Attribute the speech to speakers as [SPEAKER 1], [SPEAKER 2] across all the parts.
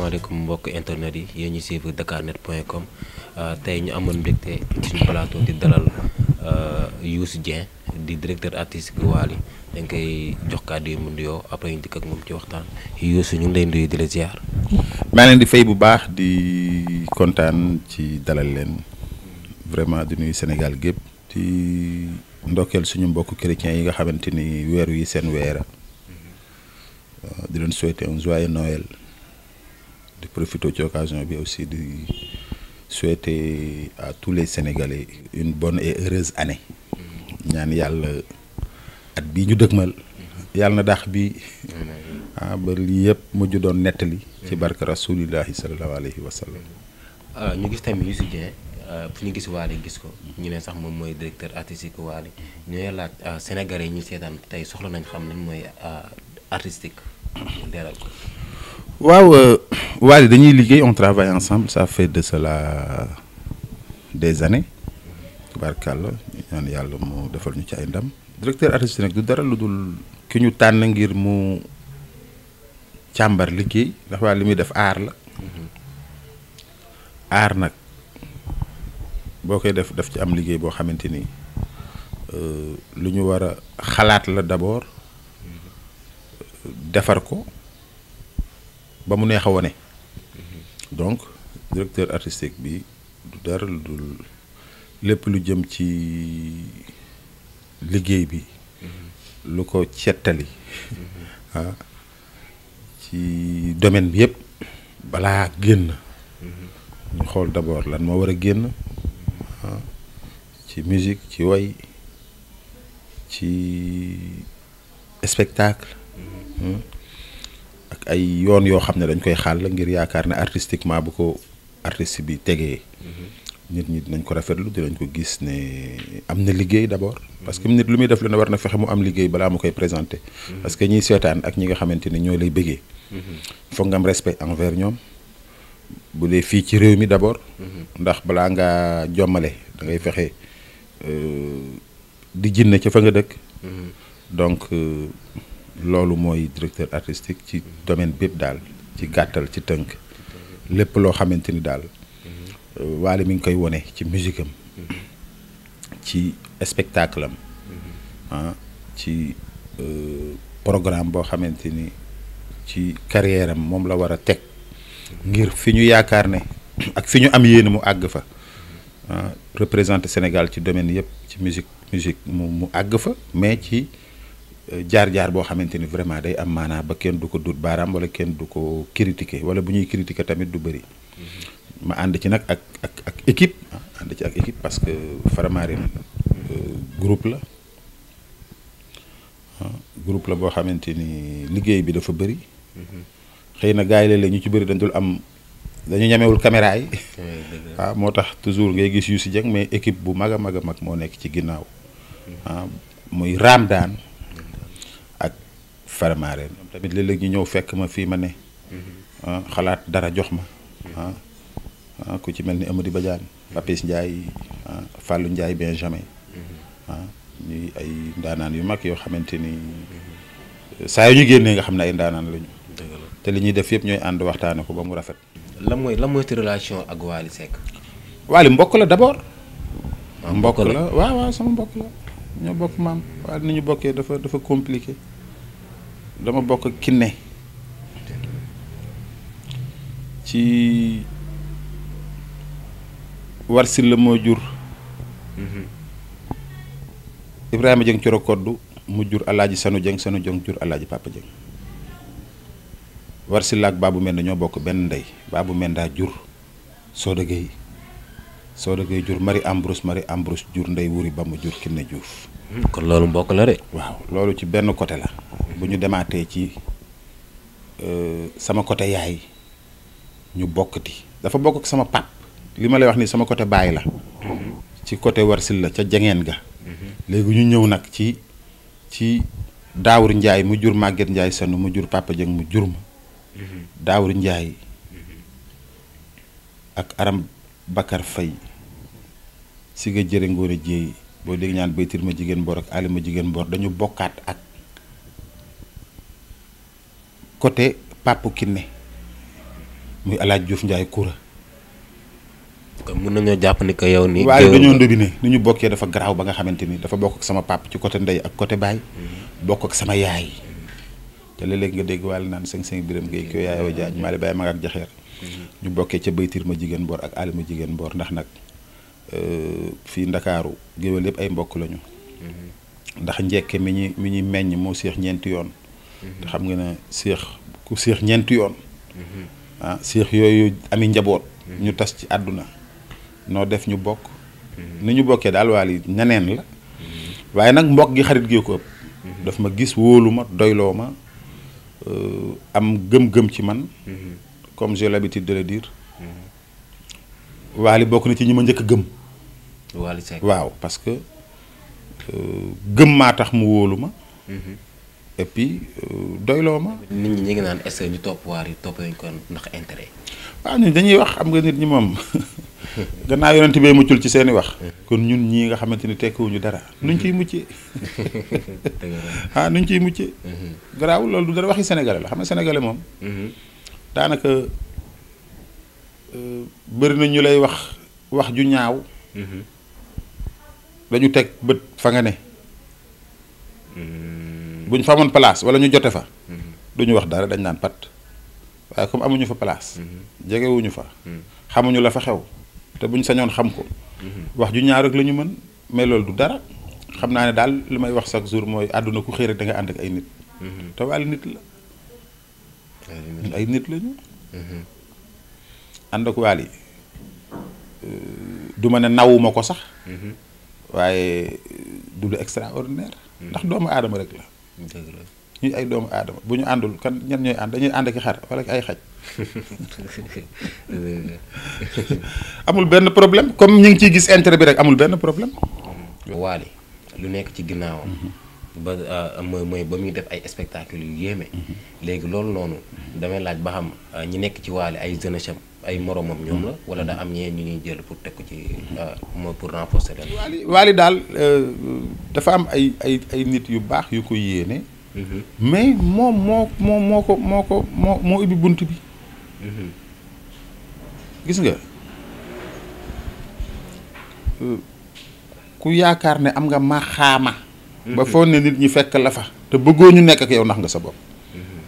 [SPEAKER 1] asalaamaaleykum mbokk internet yi yéen ñu suivre dakarnet.com euh, tey ñu amoon mbégte ci suñu plateau di dalal euh, Youssou Dieng di directeur artistique Wally dañ koy jox kàddu yi mu nuyoo après ñu dikk ak moom
[SPEAKER 2] ci waxtaan Youssou ñu ngi lay di la ziar. di fay bu baax di kontaan ci dalal leen vraiment di nuyu Sénégal gépp di ndokkeel suñu mbokk chrétiens yi nga xamante ni weer wi seen weer euh, di leen souhaiter un joyeux Noël. di profiter ci occasion bi aussi di souhaiter à tous les Sénégalais une bonne et heureuse année ñaan yàlla at bii ñu dëgmal yàlla na daax bi ah ba lii yëpp mujj doon nettali ci barke rasulillahi sallallahu alayhi wa sallam
[SPEAKER 1] ah, ñu gis tamit si Dieng ah, fu ñu gis Wally gis ko ñu ne sax moom mooy directeur artistique Wally ñooy laaj ah, Sénégalais yi ñu seetaan tey soxla nañ xam lan mooy artistique leeral
[SPEAKER 2] waaw euh, Wally dañuy liggéey on travaille ensemble ça fait de cela des années tubaarkàlla ñaan yàlla mu defal ñu ci ay ndam directeur artistique nag du dara lu dul ki ñu tànn ngir mu càmbar liggéey ndax waa li muy def aar la aar nag boo koy def daf ci am liggéey boo xamante ni euh, lu ñu war a xalaat la d'abord defar ko ba mu neex wone donc directeur artistique bi du dara lu dul lépp lu jëm ci liggéey bi mm-hmm. lu ko cettali mm-hmm. ah, ci domaine bi yëpp balaa génn mm-hmm. ñu xool d'abord lan moo war a génn ah, ci musique ci way ci spectacle hmm? ay yoon yoo xam ne dañ koy xàll ngir yaakaar ne artistiquement bu ko artiste bi tegee mm-hmm. nit ñi dinañ ko rafetlu dinañ ko gis ne am na liggéey d'abord parce que nit lu muy def lu ne war na fexe mu am liggéey balaa mu koy présenté mm-hmm. parce que ñiy seetaan ak ñi nga xamante ne ñoo lay bëggee mm-hmm. foog nga am respect envers ñoom bu dee fii ci réew mi d'abord ndax balaa ngaa jommale dangay fexe euh, di jinne ca fa nga dëkk donc euh, loolu mooy directeur artistique ci domaine bépp daal ci gàttal ci tënk lépp loo xamante ni daal euh, waale mi ngi koy wone ci musique ci spectacle am ah ci euh, programme boo xamante ni ci carrière moom la war a teg ngir fi ñu yaakaar ne ak fi ñu am yéen mu àgg fa ah, représenté Sénégal ci domaine yëpp ci musique musique mu mu àgg fa mais ci jaar-jaar boo xamante ni vraiment day am maanaa ba kenn du ko dut baaraam wala kenn du ko critiquer wala bu ñuy critiquer tamit du bëri ma ànd ci nag ak ak ak équipe ànd ci ak équipe parce que Faramareen euh, groupe la ah, groupe la boo xamante ni liggéey bi dafa bëri xëy na gars yi léeg-léeg ñu ci bëri dañ dul am dañu ñamewul caméra yi waaw ah, moo tax toujours ngay gis Youssou Dieng mais équipe bu mag a mag a mag moo nekk ci ginnaaw ah, muy raam daan faramaare ñoom tamit léeg-léeg ñëw fekk ma fii ma ne ah, xalaat dara jox ma ah, ah, ku ci mel ni Amady Badiane Papis Ndiaye njaay Fallou njaay Benjamin ah ñuy ay ndaanaan yu mag yoo xamante ni saa yu ñu génnee nga xam ne ay ndaanaan lañu te li ñuy def yëpp ñooy ànd waxtaane ko ba mu rafet lan mooy lan mooy relation ak Wally Seck Wally mbokk la d'abord mbokk la waaw waaw sama mbokk la ñoo bokk maam waaye ni bokkee dafa dafa compliqué dama bokk kinne ci warsil la moo jur mhm. Ibrahima Jëng coro koddu mu jur alaaji sanu jëng sanu jëng jur alaaji papa jëng warsil ak baabu menda ñoo bokk benn ndey baabu menda jur soo dëggee soo dëggee jur Marie Ambrose Marie Ambrose jur ndey wuri ba mu jur kinne Juuf mhm. kon loolu mbokk la de waaw loolu ci benn côté la bu ñu demaatee ci euh, sama côté yaay ñu bokkati dafa bokk sama pap li ma lay wax ni sama côté baay la ci côté warsil la ca jangeen ga léegi ñu ñëw nag ci ci daawur njaay mu jur màgget njaay sanu mu jur papa mu jur ma daawur njaay ak aram bakar fay si nga jëre ngoon a jéey boo dégg ñaan baytir ma jigéen mbor ak alima jigéen mbor dañu bokkaat ak côté Pape Kiné muy El Hadj njaay Ndiaye Koura. mun nañoo jàpp ni que yow. nii waaye dañoo ndobiné ni ñu bokkee dafa garaaw ba nga xamante ni dafa bokk ak sama pàpp ci côté ndey ak côté baay. Mm-hmm. bokk ak sama yaay. te léeg nga dégg wàll naan sëñ sëñ biram ngay kii yaayoo jaaj maa bàyyi ma ak jaxeer ñu bokkee ca baytir ma jigéen mboor ak alima jigéen mboor ndax nag euh, fii ndakaaru géwél yëpp ay mbokk lañu. Mm-hmm. ndax njekke mi ñuy mi ñuy meññ moo seex ñeenti yoon. te xam nga ne seex ku seex ñeenti yoon. Mm-hmm. ah seex yooyu ami njaboot. Mm-hmm. ñu tas ci àdduna. noo def ñu bokk. Mm-hmm. ni ñu bokkee daal waali ñaneen la. waaye nag mbokk gi xarit gi ko ëpp. daf ma gis wóolu ma doyloo ma euh, am gëm-gëm ci man. comme j'ai l'habitude de le dire. waali bokk na ci ñi ma njëkk gëm.
[SPEAKER 1] waali waaw
[SPEAKER 2] parce que euh, gëm maa tax mu wóolu ma.
[SPEAKER 1] et puis euh, doyloo ma. nit ñi ñu ngi naan est-ce que ñu topp waar yi topp nañ ko ndax intérêt.
[SPEAKER 2] waaw ñun dañuy wax xam nga nit ñi moom gannaaw yonent bee muccul ci seeni wax. kon ñun ñii nga xamante ni tekkiwuñu dara. nuñ ciy muccee. ah nuñ ciy muccee. Mhm. garaawul loolu du dara waxi sénégalais la xam nga sénégalais moom. Mhm. daanaka euh, bëri na ñu lay wax wax ju ñaaw. Mhm. dañu teg bët fa nga ne. bu fa amoon place wala ñu jote fa.
[SPEAKER 1] Mm-hmm.
[SPEAKER 2] du ñu wax dara dañ naan pat waaye comme amuñu fa place. Mm-hmm. jegewuñu fa. Mm-hmm. xamuñu la fa xew te buñ sañoon xam ko. wax ju ñaar rek la ñu mën mais loolu du dara xam naa ne daal li may wax chaque jour mooy àdduna ku xëy rek da nga ànd ak ay nit. te Wally nit la. ay nit lañu. ànd ak euh, du ma ne nawuma ko sax. waaye euh, du lu extraordinaire. ndax doomu aadama rek la. ñu ay doomu aadama bu ñu àndul kan ñan ñooy ànd dañuy ànd ak xar wala ay xaj amul benn problème comme ñu ngi ciy gis intérêt bi rek amul benn problème. waali lu nekk ci ginnaawam. Mhm. ba ah,
[SPEAKER 1] mooy mooy ba muy def ay spectacle yu yéeme. Mhm. léegi loolu noonu damay laaj ba xam ah, ñi nekk ci waali ay jeunesse am ay moromam ñoom la wala da am ñee ñu ñuy jël pour teg ko ci euh, mooy
[SPEAKER 2] pour renforcer leen. Wally daal euh, dafa am ay ay ay nit yu baax yu ko yéene. Mm-hmm. mais moom moo moo moo ko moo ko moo moo bunt bi. Mm-hmm. gis nga euh, ku yaakaar ne am nga maxaama. Mm-hmm. ba foog ne nit ñi fekk la fa. te bëggoo ñu nekk ak yow ndax nga sa bopp.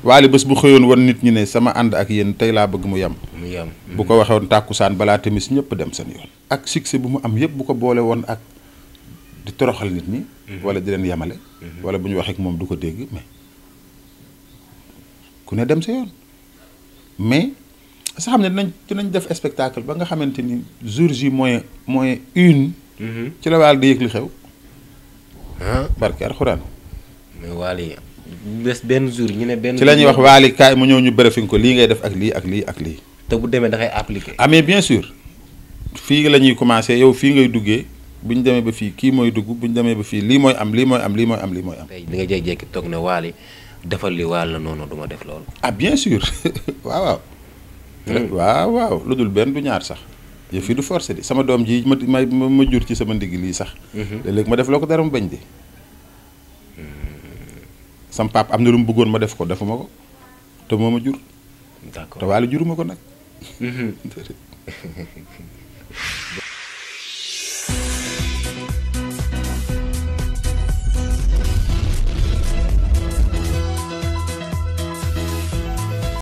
[SPEAKER 2] waale bés bu xëyoon won nit ñi ne sama ànd ak yéen tey laa bëgg mu yem. mu yem bu ko waxee woon tàkkusaan balaa timis ñëpp dem seen yoon. ak succès bu mu am yëpp bu ko boole woon ak di toroxal nit ñi. Mhm. wala di leen yemale. Mhm. wala bu ñu waxee moom du ko dégg mais ku ne dem sa yoon mais sa xam ne dinañ dinañ def spectacle ba nga xamante ni jour ji mooy mooy une. Mhm. ci la waal di yëg li xew.
[SPEAKER 1] des benn jour ñu ne benn. ci la ñuy wax waali
[SPEAKER 2] kaay mu ñëw ñu bërëfin ko lii ngay def ak lii ak lii ak lii. te bu demee da ngay appliquer. ah mais bien sûr fii la ñuy commencé yow fii ngay duggee bu ñu demee ba fii kii mooy dugg bu ñu demee ba fii lii mooy am lii mooy am lii mooy am lii mooy am. tey li nga jékki-jékki toog ne waali defal li waal la noonu du ma def loolu. ah bien sûr waaw waaw. Hmm. waaw waaw lu dul benn du ñaar sax yëf yi du forcé di sama doom ji ma ma ma jur ci sama ndigg lii sax. Hmm. léeg-léeg ma def loo ko dara mu bañ di. sam pap am na lu mu bëggoon ma def ko defuma ko te moo ma jur. d'accord te waale juruma ko nag. Mhm.